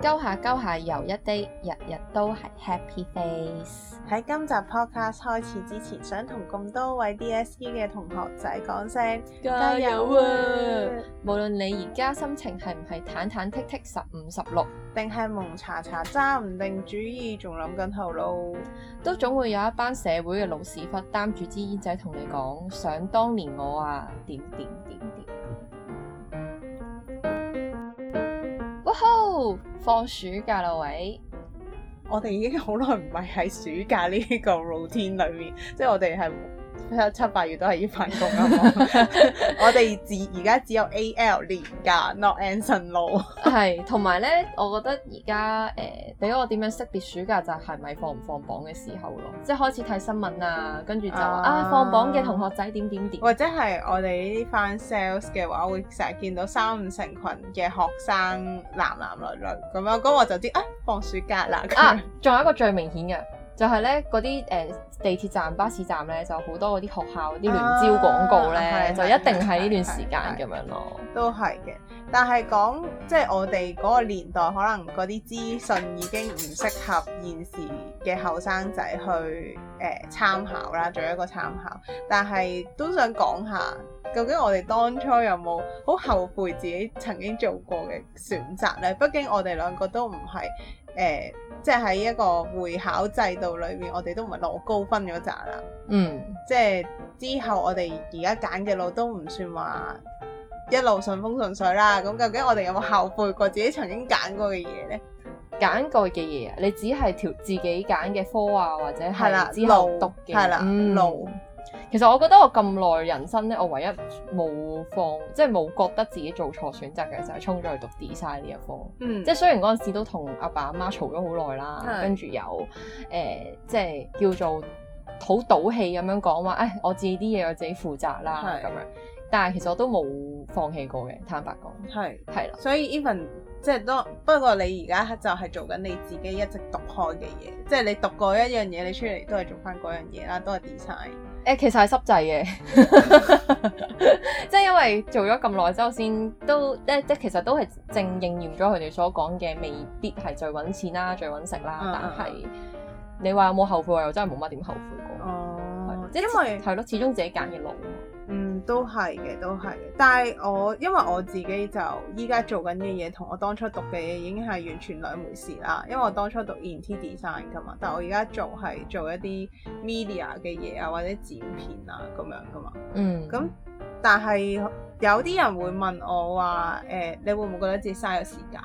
勾下勾下游一 day，日日都係 happy face。喺今集 podcast 開始之前，想同咁多位 DSE 嘅同學仔講聲加油啊！加油啊無論你而家心情係唔係忐忐忑忑十五十六，定係蒙查查揸唔定主意，仲諗緊後路，都總會有一班社會嘅老屎忽擔住支煙仔同你講：，想當年我啊點點。行放暑假啦，喂！我哋已經好耐唔係喺暑假呢個 routine 裏面，即係我哋係。七七八月都係要返工啊！ 我哋自而家只有 A L 年假 ，not annual leave。係，同埋咧，我覺得而家誒，俾、呃、我點樣識別暑假就係咪放唔放榜嘅時候咯？即係開始睇新聞啊，跟住就話，啊，放榜嘅同學仔點點點。或者係我哋呢啲翻 sales 嘅話，會成日見到三五成群嘅學生，男男女女咁樣，咁我就知啊，放暑假啦。啊，仲有一個最明顯嘅。就係咧，嗰啲誒地鐵站、巴士站咧，就好多嗰啲學校啲聯招廣告咧，啊，就一定喺呢段時間咁樣咯。都係嘅，但係講即係我哋嗰個年代，可能嗰啲資訊已經唔適合現時嘅後生仔去誒、呃、參考啦，做一個參考。但係都想講下，究竟我哋當初有冇好後悔自己曾經做過嘅選擇咧？畢竟我哋兩個都唔係。誒，即係喺一個會考制度裏面，我哋都唔係攞高分嗰扎啦。嗯，即係之後我哋而家揀嘅路都唔算話一路順風順水啦。咁究竟我哋有冇後悔過自己曾經揀過嘅嘢咧？揀過嘅嘢啊，你只係條自己揀嘅科啊，或者係之後讀嘅路。其實我覺得我咁耐人生咧，我唯一冇放即係冇覺得自己做錯選擇嘅就係、是、衝咗去讀 design 呢一科。嗯，即係雖然嗰陣時都同阿爸阿媽嘈咗好耐啦，跟住、嗯、有誒、呃、即係叫做好賭氣咁樣講話，誒、哎、我自己啲嘢我自己負責啦咁是樣。但係其實我都冇放棄過嘅，坦白講係係啦。是的所以 even 即係都不過，你而家就係做緊你自己一直讀開嘅嘢，即係你讀過一樣嘢，你出嚟都係做翻嗰樣嘢啦，都係 design、欸。其實係濕滯嘅， 即係因為做咗咁耐之後，先都即即其實都係正應驗咗佢哋所講嘅，未必係最搵錢啦、啊，最搵食啦。但係你話有冇後悔啊？我又真係冇乜點後悔過。哦，即係、嗯、是因為係咯，始終自己揀嘅路。嗯，都係嘅，都係嘅。但係我因為我自己就依家做緊嘅嘢，同我當初讀嘅嘢已經係完全兩回事啦。因為我當初讀 interdesign 噶嘛，但係我而家做係做一啲 media 嘅嘢啊，或者剪片啊咁樣噶嘛。嗯。咁但係有啲人會問我話誒、欸、你會唔會覺得自己嘥咗時間？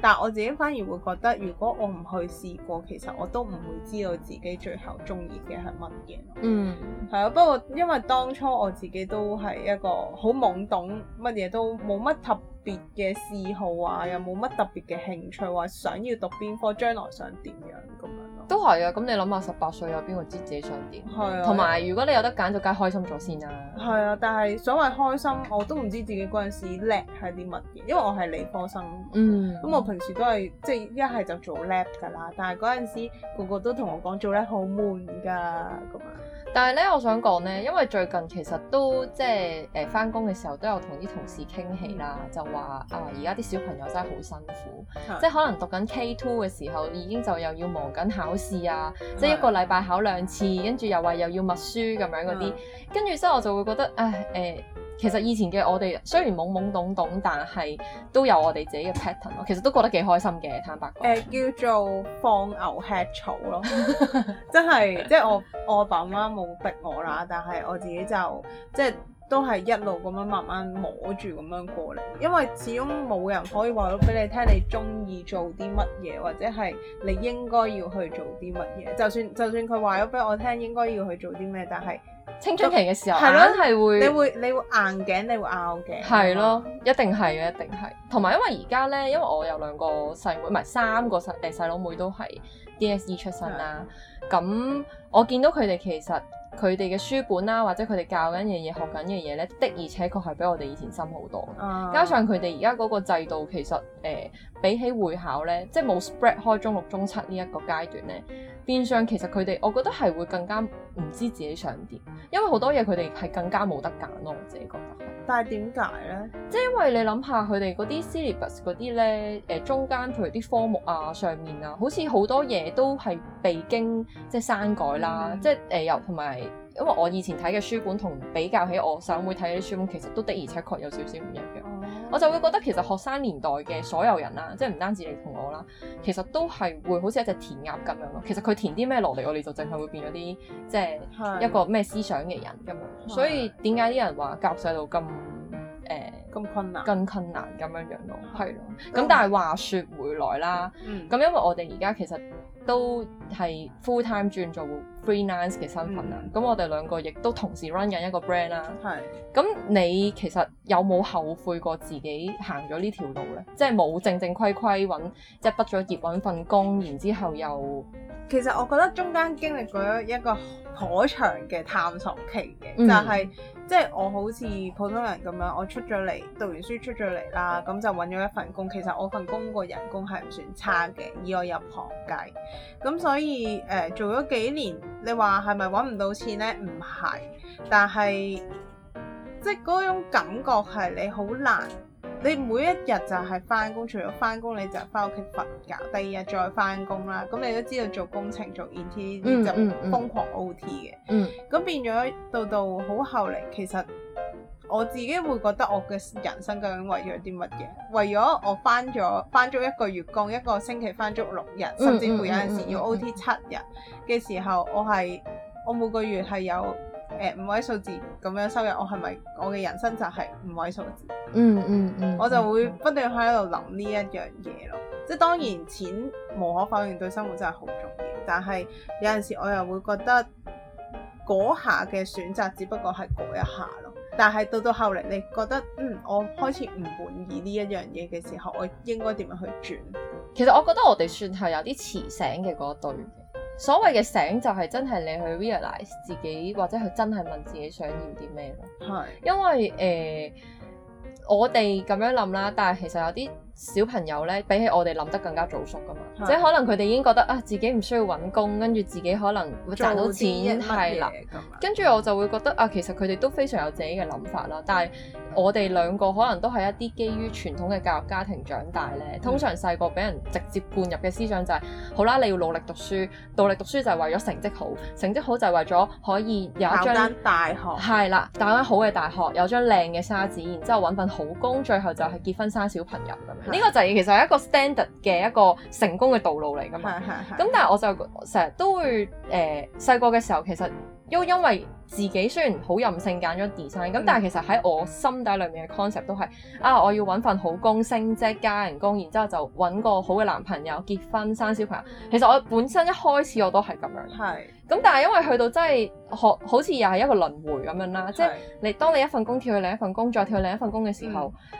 但我自己反而會覺得，如果我唔去試過，其實我都唔會知道自己最後中意嘅係乜嘢。嗯，係啊。不過因為當初我自己都係一個好懵懂，乜嘢都冇乜特。別嘅嗜好啊，又冇乜特別嘅興趣，話想要讀邊科，將來想點樣咁樣咯？都係啊！咁你諗下，十八歲有邊個知自己想點？係啊，同埋如果你有得揀，就梗係開心咗先啦、啊。係啊，但係所謂開心，我都唔知自己嗰陣時叻係啲乜嘢，因為我係理科生。嗯，咁、嗯、我平時都係即係一係就做 lab 噶啦，但係嗰陣時個個都同我講做 lab 好悶噶，咁啊。但係咧，我想講咧，因為最近其實都即係誒，翻工嘅時候都有同啲同事傾起啦，就話啊，而家啲小朋友真係好辛苦，的即係可能讀緊 K2 嘅時候，已經就又要忙緊考試啊，的即係一個禮拜考兩次，跟住又話又要默書咁樣嗰啲，跟住所以我就會覺得，唉、呃，誒、呃。其實以前嘅我哋雖然懵懵懂懂，但係都有我哋自己嘅 pattern 咯。其實都覺得幾開心嘅，坦白講。呃，叫做放牛吃草咯， 真係即係我我爸媽冇逼我啦，但係我自己就即係都係一路咁樣慢慢摸住咁樣過嚟。因為始終冇人可以話咗俾你聽，你中意做啲乜嘢，或者係你應該要去做啲乜嘢。就算就算佢話咗俾我聽，應該要去做啲咩，但係。青春期嘅時候，硬係都會，會，你會你會硬頸，你會拗頸，係咯吧，一定係嘅，一定係。同埋因為而家呢，因為我有兩個細妹，唔係三個細弟、細佬妹都係。DSE 出身啦、啊，咁 Yeah. 我見到佢哋其實佢哋嘅書本啦、啊，或者佢哋教緊嘅嘢、學緊嘅嘢咧，的而且確係比我哋以前深好多。Uh. 加上佢哋而家嗰個制度其實誒、呃、比起會考咧，即係冇 spread 開中六、中七呢一個階段咧，變相其實佢哋我覺得係會更加唔知自己想點，因為好多嘢佢哋係更加冇得揀咯。我自己覺得係。但係點解咧？即係因為你諗下佢哋嗰啲 syllabus 嗰啲咧，誒、呃、中間譬如啲科目啊、上面啊，好似好多嘢。都係被經即係刪改啦，mm hmm. 即係誒、又同埋，因為我以前睇嘅書本同比較起我細妹睇嘅書本，其實都的而且確有少少唔一樣。Mm hmm. 我就會覺得其實學生年代嘅所有人啦，即係唔單止你同我啦，其實都係會好似一隻填鴨咁樣咯。其實佢填啲咩落嚟，我哋就淨係會變咗啲即係一個咩思想嘅人咁樣。Mm hmm. 所以點解啲人話教育細路咁？誒？呃咁困難，更困難咁樣樣咯，係咯。咁但係話說回來啦，咁、嗯、因為我哋而家其實都係 full time 轉做 freelance 嘅身份啦。咁、嗯、我哋兩個亦都同時 run 緊一個 brand 啦。係的。咁你其實有冇後悔過自己行咗呢條路咧？即係冇正正規規揾，即係畢咗業揾份工，嗯、然之後又……其實我覺得中間經歷咗一個頗長嘅探索期嘅，就係、是嗯。就是即係我好似普通人咁樣，我出咗嚟讀完書出咗嚟啦，咁就揾咗一份工。其實我份工個人工係唔算差嘅，以我入行計，咁所以誒、呃、做咗幾年，你話係咪揾唔到錢呢？唔係，但係即係嗰種感覺係你好難。你每一日就係翻工，除咗翻工你就翻屋企瞓覺，第二日再翻工啦。咁你都知道做工程做 IT 就瘋狂 OT 嘅。咁、嗯嗯嗯、變咗到到好後嚟，其實我自己會覺得我嘅人生究竟為咗啲乜嘢？為咗我翻咗翻足一個月工，一個星期翻足六日，甚至乎有陣時要 OT 七日嘅時候，我係我每個月係有。誒、欸、五位數字咁樣收入，我係咪我嘅人生就係五位數字？嗯嗯嗯，嗯嗯我就會不斷喺度諗呢一樣嘢咯。嗯、即係當然錢無可否認對生活真係好重要，但係有陣時我又會覺得嗰下嘅選擇只不過係嗰一下咯。但係到到後嚟你覺得嗯我開始唔滿意呢一樣嘢嘅時候，我應該點樣去轉？其實我覺得我哋算係有啲遲醒嘅嗰隊。所謂嘅醒就係真係你去 realize 自己，或者去真係問自己想要啲咩。係，因為、呃、我哋咁樣諗啦，但係其實有啲，小朋友咧，比起我哋諗得更加早熟噶嘛，的即係可能佢哋已經覺得啊，自己唔需要揾工，跟住自己可能會賺到錢。係啦。跟住了、嗯、我就會覺得啊，其實佢哋都非常有自己嘅諗法啦。但係我哋兩個可能都係一啲基於傳統嘅教育家庭長大咧，通常細個俾人直接灌入嘅思想就係、是：嗯、好啦，你要努力讀書，努力讀書就係為咗成績好，成績好就係為咗可以有一張大學，係啦，讀翻好嘅大學，有張靚嘅沙紙，嗯、然之後揾份好工，最後就係結婚生小朋友咁樣。呢個就係其實一個 standard 嘅一個成功嘅道路嚟㗎嘛。咁是、嗯、但係我就成日都會誒細個嘅時候，其實都因為自己雖然好任性揀咗 design，咁、嗯嗯、但係其實喺我心底裏面嘅 concept 都係啊，我要揾份好工，升職加人工，然之後就揾個好嘅男朋友結婚生小朋友。其實我本身一開始我都係咁樣。係是。咁、嗯、但係因為去到真係學，好似又係一個輪迴咁樣啦。即係你是當你一份工跳去另一份工，再跳去另一份工嘅時候。嗯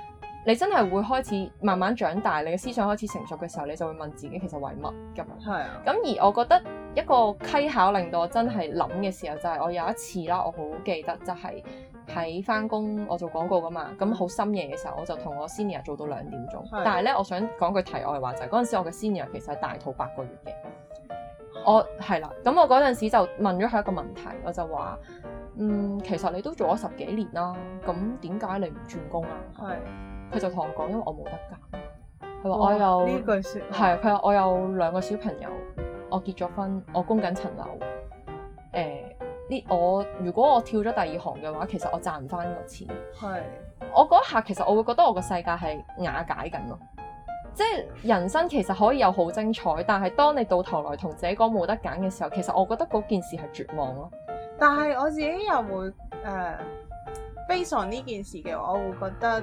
你真係會開始慢慢長大，你嘅思想開始成熟嘅時候，你就會問自己，其實為乜嘅？係啊的。咁而我覺得一個蹊蹺令到我真係諗嘅時候，就係、是、我有一次啦，我好記得就係喺翻工，我做廣告噶嘛，咁好深夜嘅時候，我就同我 senior 做到兩點鐘。的但係咧，我想講句題外話就係，嗰陣時我嘅 senior 其實係大肚八個月嘅。我係啦，咁我嗰陣時就問咗佢一個問題，我就話：嗯，其實你都做咗十幾年啦、啊，咁點解你唔轉工啊？係。佢就同我講，因為我冇得揀。佢話我有呢句説話，係佢話我有兩個小朋友，我結咗婚，我供緊層樓。誒、呃，呢我如果我跳咗第二行嘅話，其實我賺唔翻個錢。係是我嗰一下其實我會覺得我個世界係瓦解緊咯。即、就、係、是、人生其實可以有好精彩，但係當你到頭來同自己講冇得揀嘅時候，其實我覺得嗰件事係絕望咯。但係我自己又會誒悲呢件事嘅，我會覺得。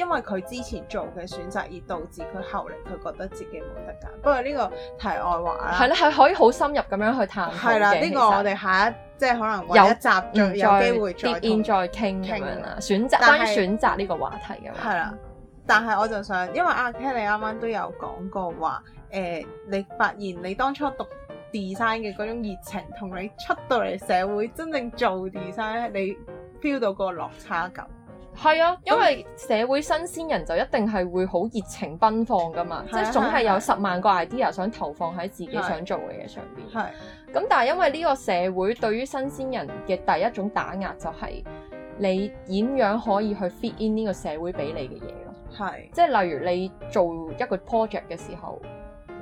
因為佢之前做嘅選擇而導致佢後嚟佢覺得自己冇得揀。不過呢個題外話啦。係啦，係可以好深入咁樣去探討嘅。呢、這個我哋下一即係可能有一集再，有，再有機會再見再傾咁樣啦。選擇是關於選擇呢個話題嘅話。係啦，但係我就想，因為阿 Ken 你啱啱都有講過話，誒、呃，你發現你當初讀 design 嘅嗰種熱情，同你出到嚟社會真正做 design，你 feel 到嗰個落差感。係啊，因為社會新鮮人就一定係會好熱情奔放㗎嘛，是的 即係總係有十萬個 idea 想投放喺自己想做嘅嘢上邊。係，咁但係因為呢個社會對於新鮮人嘅第一種打壓就係你點樣可以去 fit in 呢個社會俾你嘅嘢咯。係，是的 即係例如你做一個 project 嘅時候。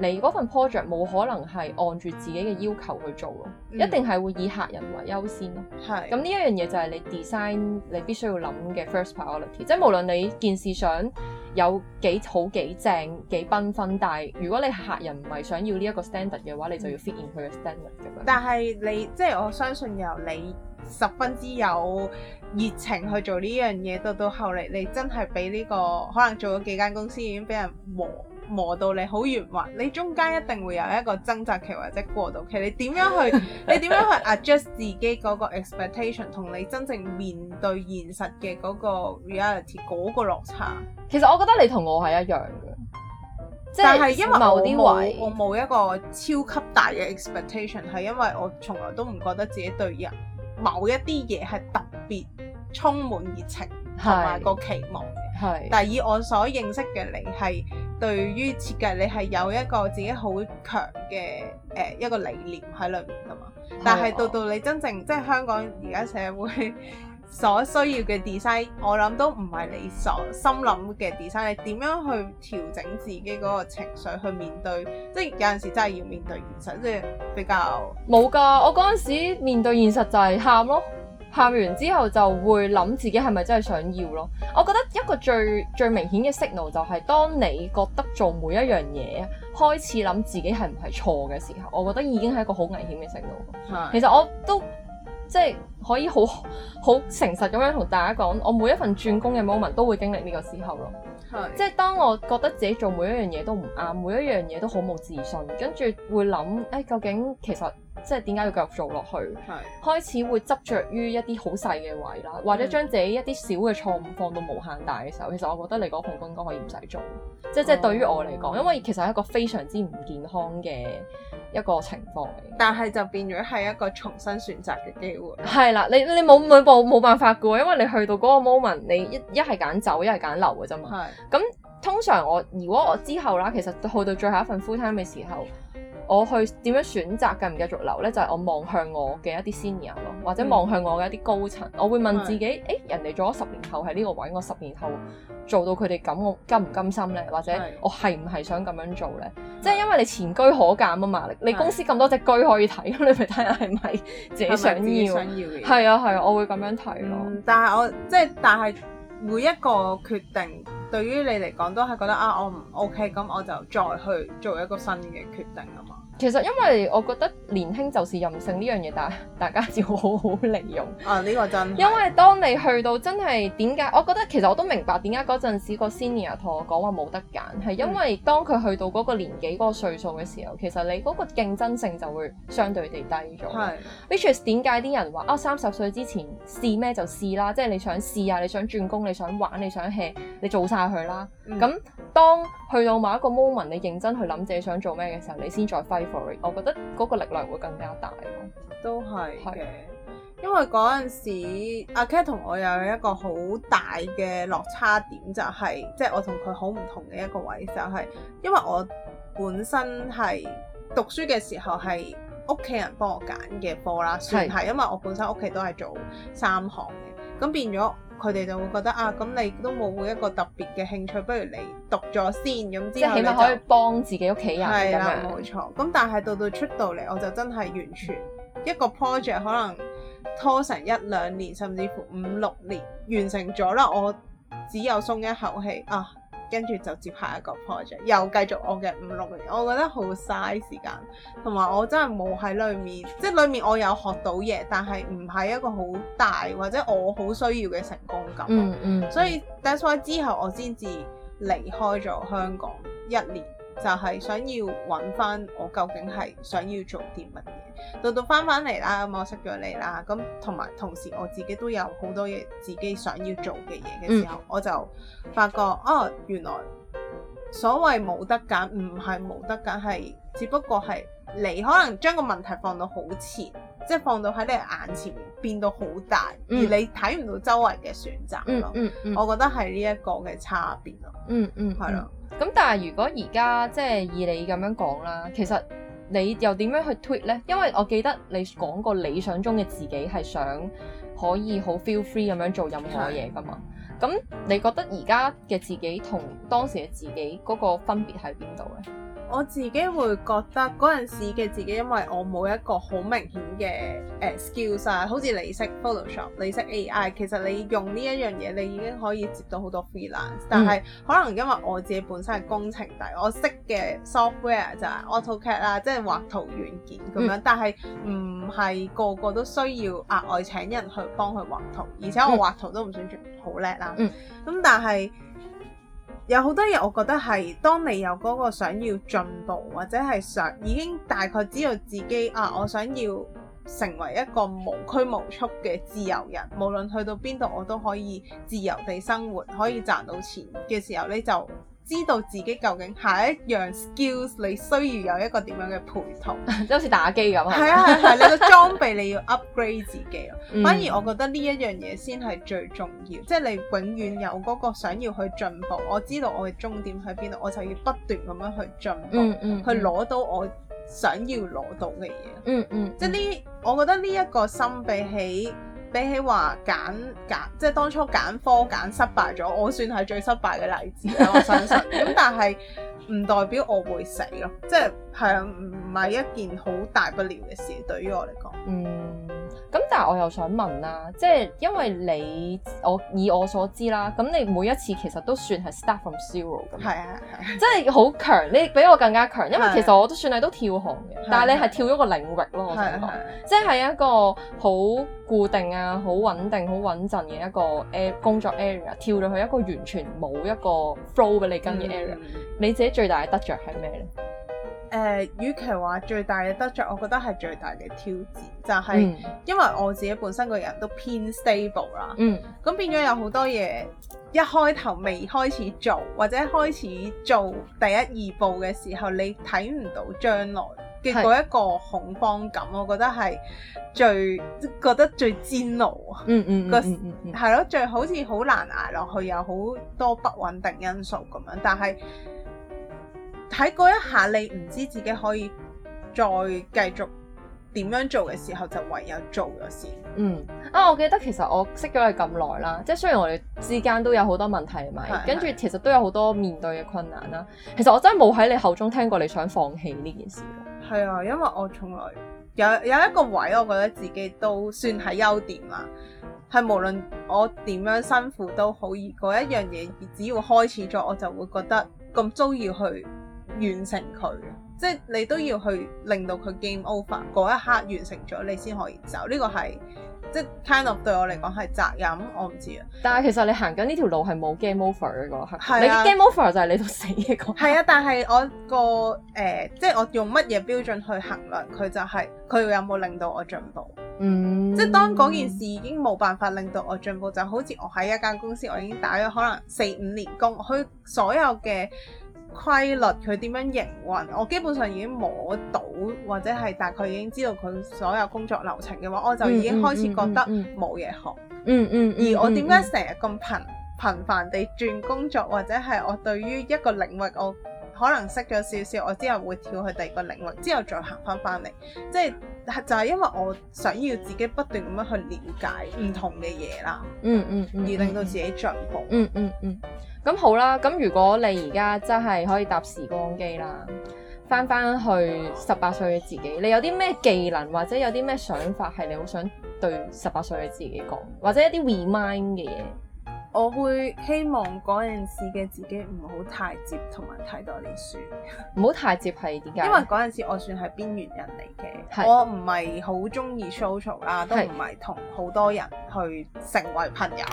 你嗰份 project 冇可能係按住自己嘅要求去做咯，嗯、一定係會以客人為優先咯。係。咁呢一樣嘢就係你 design 你必須要諗嘅 first priority，的即係無論你件事想有幾好幾正幾繽紛，但係如果你客人唔係想要呢一個 standard 嘅話，嗯、你就要 fit in 佢嘅 standard 咁樣。但係你即係、就是、我相信由你十分之有熱情去做呢樣嘢，到到後嚟你真係俾呢個可能做咗幾間公司已經俾人磨。磨到你好圓滑，你中間一定會有一個掙扎期或者過渡期。你點樣去？ 你點樣去 adjust 自己嗰個 expectation 同你真正面對現實嘅嗰個 reality 嗰個落差？其實我覺得你同我係一樣嘅，即、就是、因為某啲位我，我冇一個超級大嘅 expectation，係因為我從來都唔覺得自己對人某一啲嘢係特別充滿熱情同埋是個期望嘅。係，但以我所認識嘅你係。對於設計，你係有一個自己好強嘅誒一個理念喺裏面噶嘛。但係到、oh。到你真正即係香港而家社會所需要嘅 design，我諗都唔係你所心諗嘅 design。你點樣去調整自己嗰個情緒去面對？即係有陣時真係要面對現實，即係比較冇㗎。我嗰陣時面對現實就係喊咯。喊完之後就會諗自己係咪真係想要咯？我覺得一個最最明顯嘅 signal 就係當你覺得做每一樣嘢開始諗自己係唔係錯嘅時候，我覺得已經係一個好危險嘅 signal。嗯、其實我都即係，可以好好誠實咁樣同大家講，我每一份轉工嘅 moment 都會經歷呢個時候咯。係是，即係當我覺得自己做每一樣嘢都唔啱，每一樣嘢都好冇自信，跟住會諗誒、哎、究竟其實即係點解要繼續做落去？係是，開始會執着於一啲好細嘅位啦，嗯、或者將自己一啲小嘅錯誤放到無限大嘅時候，其實我覺得你嗰份工應該可以唔使做。即即係對於我嚟講，嗯、因為其實係一個非常之唔健康嘅一個情況嚟。但係就變咗係一個重新選擇嘅機會。係啦。你你冇每步冇辦法嘅，因為你去到嗰個 moment，你一一係揀走，一係揀留嘅啫嘛。咁的通常我如果我之後啦，其實去到最後一份 full time 嘅時候。我去點樣選擇，繼唔繼續留呢？就係、是、我望向我嘅一啲先友 n 咯，或者望向我嘅一啲高層，嗯、我會問自己：誒是、欸、人哋做咗十年後喺呢個位，我十年後做到佢哋咁，我甘唔甘心呢？或者我係唔係想咁樣做呢？是即係因為你前居可鑑啊嘛，你公司咁多隻居可以睇， 你咪睇下係咪自己想要？係啊係啊，我會咁樣睇咯、嗯。但係我即係但係每一個決定對於你嚟講都係覺得啊，我唔 OK，咁我就再去做一個新嘅決定啊嘛。嗯嗯其實因為我覺得年輕就是任性呢樣嘢，大大家要好好利用。啊，呢、呢個真。因為當你去到真係點解？我覺得其實我都明白點解嗰陣時個 senior 同我講話冇得揀，係、嗯、因為當佢去到嗰個年紀嗰、嗰個歲數嘅時候，其實你嗰個競爭性就會相對地低咗。係是，which is 點解啲人話啊三十歲之前試咩就試啦，即、就、係、是、你想試啊，你想轉工，你想玩，你想 hea，你做晒佢啦。咁、嗯。當去到某一個 moment，你認真去諗自己想做咩嘅時候，你先再 fight for 佢。我覺得嗰個力量會更加大咯。都係，係是。因為嗰陣時，阿 Kate 同我有一個好大嘅落差點，就係即係我同佢好唔同嘅一個位，就係、是、因為我本身係讀書嘅時候係屋企人幫我揀嘅科啦，算係，是因為我本身屋企都係做三行嘅，咁變咗。佢哋就會覺得啊，咁你都冇一個特別嘅興趣，不如你讀咗先，咁之後咧，起碼可以幫自己屋企人。係啦的，冇錯。咁但係到到出到嚟，我就真係完全一個 project 可能拖成一兩年，甚至乎五六年完成咗啦，我只有鬆一口氣啊！跟住就接下一個 project，又繼續我嘅五六年，我覺得好嘥時間，同埋我真係冇喺裏面，即係裏面我有學到嘢，但係唔係一個好大或者我好需要嘅成功感。嗯嗯。嗯所以 that's why、嗯、之後我先至離開咗香港一年。就係想要揾翻我究竟係想要做啲乜嘢，到到翻返嚟啦，咁我識咗你啦，咁同埋同時我自己都有好多嘢自己想要做嘅嘢嘅時候，嗯、我就發覺，哦，原來所謂冇得揀，唔係冇得揀，係只不過係你可能將個問題放到好前。即係放到喺你眼前面，變到好大，而你睇唔到周圍嘅選擇咯。 我覺得係呢一個嘅差別咯。嗯嗯，係啦、嗯。咁、嗯嗯嗯、但係如果而家即係以你咁樣講啦，其實你又點樣去脫咧？因為我記得你講過理想中嘅自己係想可以好 feel free 咁樣做任何嘢噶嘛。咁、嗯嗯、你覺得而家嘅自己同當時嘅自己嗰個分別喺邊度咧？我自己會覺得嗰陣時嘅自己，因為我冇一個好明顯嘅誒 skills 啊，好似你識 Photoshop，你識 AI，其實你用呢一樣嘢，你已經可以接到好多 freelance。但係、嗯、可能因為我自己本身係工程底，我識嘅 software 就係 AutoCAD 啦，即係畫圖軟件咁樣。嗯、但係唔係個個都需要額外請人去幫佢畫圖，而且我畫圖都唔算好叻啦。嗯，咁、嗯、但係。有好多嘢，我覺得係當你有嗰個想要進步，或者係想已經大概知道自己啊，我想要成為一個無拘無束嘅自由人，無論去到邊度我都可以自由地生活，可以賺到錢嘅時候你就。知道自己究竟下一樣 skills 你需要有一個點樣嘅配套，即好似打機咁，係 啊係係，你、這個裝備你要 upgrade 自己咯。嗯、反而我覺得呢一樣嘢先係最重要，即係、嗯、你永遠有嗰個想要去進步。我知道我嘅終點喺邊度，我就要不斷咁樣去進步，嗯嗯嗯、去攞到我想要攞到嘅嘢、嗯。嗯嗯，即係呢，我覺得呢一個心比起。比起話揀揀，即係當初揀科揀失敗咗，我算係最失敗嘅例子啦， 我相信。咁但係唔代表我會死囉，即係係唔係一件好大不了嘅事，對於我嚟講。嗯。我又想問啦，即係因為你我以我所知啦，咁你每一次其實都算係 start from zero 咁，係啊，即係好強，你比我更加強，因為其實我都算係都跳行嘅，啊、但係你係跳咗個領域咯，啊、我想講，啊、即係一個好固定啊、好穩定、好穩陣嘅一個工作 area，跳到去一個完全冇一個 flow 俾你跟嘅 area，嗯、你自己最大嘅得着係咩咧？誒、呃，與其話最大嘅得着，我覺得係最大嘅挑戰，就係、是、因為我自己本身個人都偏 stable 啦。嗯。咁變咗有好多嘢，一開頭未開始做，或者開始做第一、二步嘅時候，你睇唔到將來嘅嗰一個恐慌感，我覺得係最覺得最煎熬，嗯。嗯嗯。個係咯，最好似好難捱落去，有好多不穩定因素咁樣，但係。喺嗰一下，你唔知自己可以再繼續點樣做嘅時候，就唯有做咗先。嗯啊，我記得其實我識咗你咁耐啦，即係雖然我哋之間都有好多問題係咪？的跟住其實都有好多面對嘅困難啦。其實我真係冇喺你口中聽過你想放棄呢件事。係啊，因為我從來有有一個位，我覺得自己都算係優點啦。係、嗯、無論我點樣辛苦，都好，嗰一樣嘢，只要開始咗，我就會覺得咁鍾意去。完成佢，即係你都要去令到佢 game over 嗰一刻完成咗，你先可以走。呢個係即係 kind of 對我嚟講係責任，我唔知啊。但係其實你行緊呢條路係冇 game over 嗰一刻，你 game over 就係你到死嘅嗰。係啊，但係我個誒，即係我用乜嘢標準去衡量佢就係佢有冇令到我進步。嗯，即係當嗰件事已經冇辦法令到我進步，就好似我喺一間公司，我已經打咗可能四五年工，佢所有嘅。規律佢點樣營運，我基本上已經摸到或者係大概已經知道佢所有工作流程嘅話，我就已經開始覺得冇嘢學。嗯嗯。嗯，而我點解成日咁頻頻繁地轉工作，或者係我對於一個領域我可能識咗少少，我之後會跳去第二個領域，之後再行翻翻嚟，即係就係、是就是、因為我想要自己不斷咁樣去了解唔同嘅嘢啦。嗯嗯，嗯，而令到自己進步。嗯嗯嗯。嗯嗯嗯咁好啦，咁如果你而家真係可以搭時光機啦，翻翻去十八歲嘅自己，你有啲咩技能或者有啲咩想法係你好想對十八歲嘅自己講，或者一啲 remind 嘅嘢？我會希望嗰陣時嘅自己唔好太接同，同埋睇多啲書。唔好太接係點解？因為嗰陣時我算係邊緣人嚟嘅，是我唔係好中意 social 啦，都唔係同好多人去成為朋友。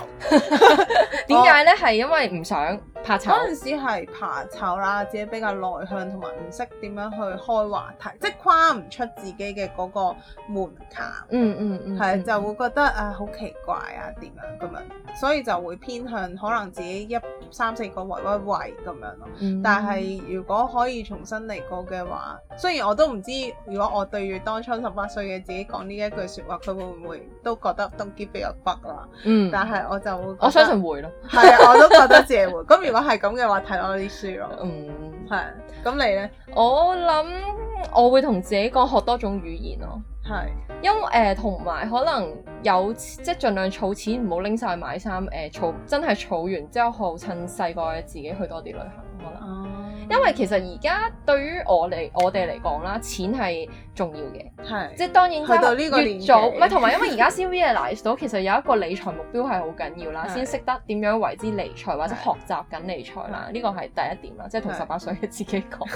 點解 呢？係 我因為唔想怕醜。嗰陣時係怕醜啦，自己比較內向，同埋唔識點樣去開話題，即係跨唔出自己嘅嗰個門檻。嗯嗯，嗯嗯嗯，係就會覺得啊好奇怪啊點樣咁、啊、樣，所以就會。偏向可能自己一三四個圍一圍咁樣咯。嗯、但係如果可以重新嚟過嘅話，雖然我都唔知如果我對住當初十八歲嘅自己講呢一句說話，佢會唔會都覺得都 g 比較北咗啦。嗯、但係我就我相信會咯，係我都覺得自己會。咁 如果係咁嘅話，睇多啲書咯。嗯，係。咁你呢？我諗我會同自己講學多種語言咯。係，因誒同埋可能有即係盡量儲錢，唔好拎晒去買衫誒，儲真係儲完之後，趁細個自己去多啲旅行可能。哦，因為其實而家對於我嚟我哋嚟講啦，錢係重要嘅，係即係當然。喺呢個年紀唔係，同埋因為而家先 realise 到，其實有一個理財目標係好緊要啦，先識得點樣為之理財或者學習緊理財啦，呢個係第一點啦，即係同十八歲嘅自己講。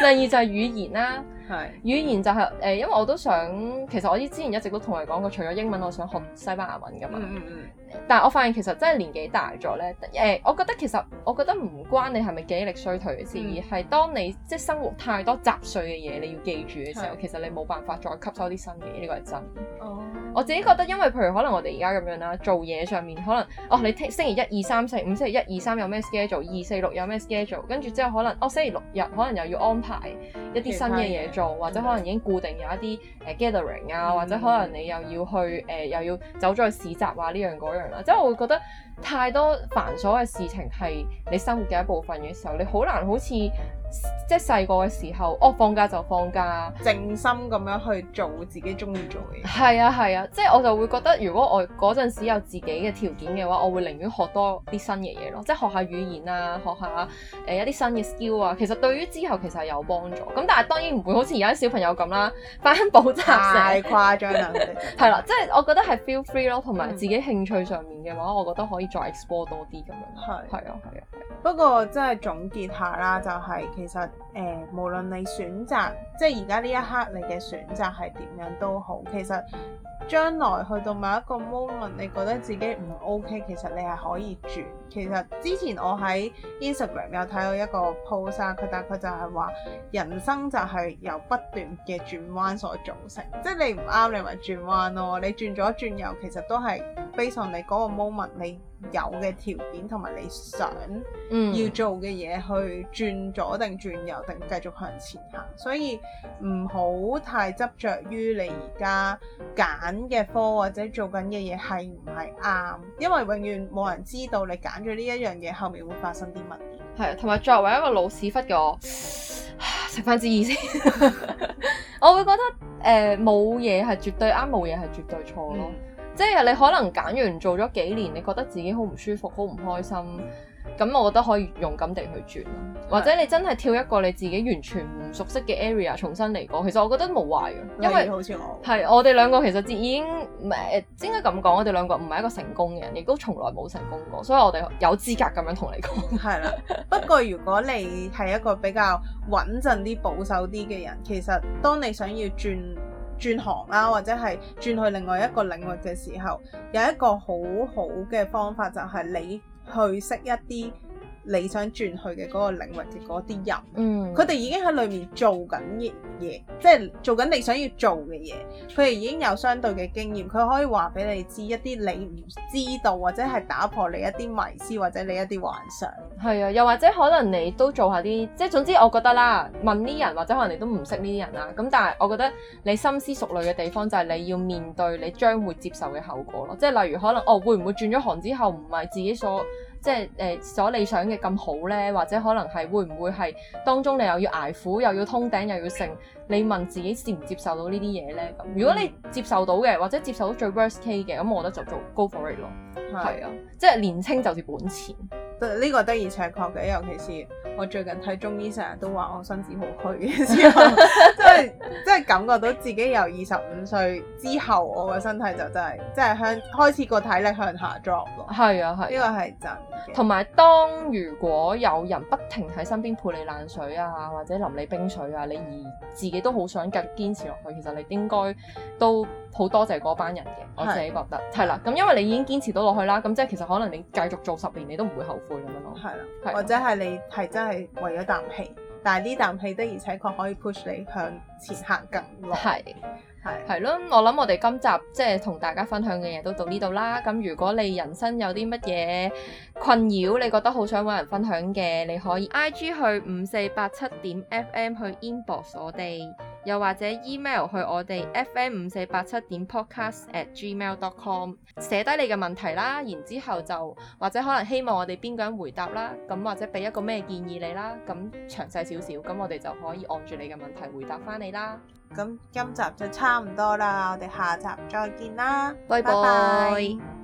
第二就係語言啦。係語言就係、是、誒、呃，因為我都想，其實我之前一直都同你講過，除咗英文，我想學西班牙文㗎嘛。嗯嗯嗯、但係我發現其實真係年紀大咗咧，誒、呃，我覺得其實我覺得唔關你係咪記憶力衰退嘅事，嗯、而係當你即係、就是、生活太多雜碎嘅嘢你要記住嘅時候，嗯、其實你冇辦法再吸收啲新嘅嘢，呢個係真。哦、我自己覺得，因為譬如可能我哋而家咁樣啦，做嘢上面可能哦，你聽星期一二三四五，星期一二三有咩 schedule，二四六,六有咩 schedule，跟住之後可能我、哦、星期六日可能又要安排一啲新嘅嘢做。或者可能已經固定有一啲誒、uh, gathering 啊，嗯、或者可能你又要去誒，uh, 又要走去市集啊呢樣嗰樣啦、啊，即、就、係、是、我會覺得太多繁瑣嘅事情係你生活嘅一部分嘅時候，你好難好似。即係細個嘅時候，我、哦、放假就放假，靜心咁樣去做自己中意做嘅嘢 。係啊係啊，即係我就會覺得，如果我嗰陣時有自己嘅條件嘅話，我會寧願學多啲新嘅嘢咯，即、就、係、是、學下語言啊，學下誒、呃、一啲新嘅 skill 啊。其實對於之後其實係有幫助，咁但係當然唔會好似而家小朋友咁啦，翻補習太誇張啦。係啦，即係我覺得係 feel free 咯，同埋自己興趣上面嘅話，我覺得可以再 export 多啲咁樣。係係啊係啊，不過即係總結下啦，就係、是。其實誒、呃，無論你選擇即係而家呢一刻你嘅選擇係點樣都好，其實將來去到某一個 moment，你覺得自己唔 OK，其實你係可以轉。其實之前我喺 Instagram 有睇到一個 post，佢大概就係話人生就係由不斷嘅轉彎所組成，即係你唔啱你咪轉彎咯，你轉左轉右其實都係。Based on 你嗰個 moment，你有嘅條件同埋你想要做嘅嘢去轉左定轉右定繼續向前行，所以唔好太執着於你而家揀嘅科或者做緊嘅嘢係唔係啱，因為永遠冇人知道你揀咗呢一樣嘢後面會發生啲乜嘢。係，同埋作為一個老屎忽嘅我，食翻支煙先意， 我會覺得誒冇嘢係絕對啱，冇嘢係絕對錯咯。嗯即係你可能揀完做咗幾年，你覺得自己好唔舒服，好唔開心，咁、嗯、我覺得可以勇敢地去轉，或者你真係跳一個你自己完全唔熟悉嘅 area，重新嚟過。其實我覺得冇壞嘅，你因為好似我係我哋兩個其實已已經唔應該咁講，我哋兩個唔係一個成功嘅人，亦都從來冇成功過，所以我哋有資格咁樣同你講的。係啦，不過如果你係一個比較穩陣啲、保守啲嘅人，其實當你想要轉。轉行啦，或者係轉去另外一個領域嘅時候，有一個好好嘅方法就係你去識一啲，你想轉去嘅嗰個領域嘅嗰啲人，佢哋、嗯、已經喺裏面做緊啲嘢，即係做緊你想要做嘅嘢。佢哋已經有相對嘅經驗，佢可以話俾你知一啲你唔知道或者係打破你一啲迷思或者你一啲幻想。係啊，又或者可能你都做下啲，即係總之我覺得啦，問呢人或者可能你都唔識呢啲人啦。咁但係我覺得你深思熟慮嘅地方就係你要面對你將會接受嘅後果咯。即係例如可能哦，會唔會轉咗行之後唔係自己所。即係誒、呃、所理想嘅咁好咧，或者可能係會唔會係當中你又要捱苦，又要通頂，又要成。你問自己接唔接受到呢啲嘢呢？咁、嗯、如果你接受到嘅，或者接受到最 worst case 嘅，咁我覺得就做 go for it 咯。係是啊，是啊、即係年輕就是本錢。呢個得而且確嘅，尤其是我最近睇中醫成日都話我身子好虛，即候，即係 感覺到自己由二十五歲之後， 我個身體就真係即係向開始個體力向下 d r 咯。係啊，係。呢個係真。同埋當如果有人不停喺身邊陪你冷水啊，或者淋你冰水啊，你而亦都好想繼續堅持落去，其實你應該都好多謝嗰班人嘅，是我自己覺得係啦。咁因為你已經堅持到落去啦，咁的即係其實可能你繼續做十年，你都唔會後悔咁樣咯。係啦的，的或者係你係真係為咗啖氣，但係呢啖氣的而且確可以 push 你向前行更。係。係，係咯。我諗我哋今集即係同大家分享嘅嘢，都到呢度啦。咁如果你人生有啲乜嘢困擾，你覺得好想搵人分享嘅，你可以 IG 去五四八七點 FM 去 inbox 我哋，又或者 email 去我哋 FM 五四八七點 podcast at gmail dot com，寫低你嘅問題啦，然之後就或者可能希望我哋邊個人回答啦，咁或者俾一個咩建議你啦，咁詳細少少，咁我哋就可以按住你嘅問題回答翻你啦。咁今集就差唔多啦，我哋下集再見啦，拜拜。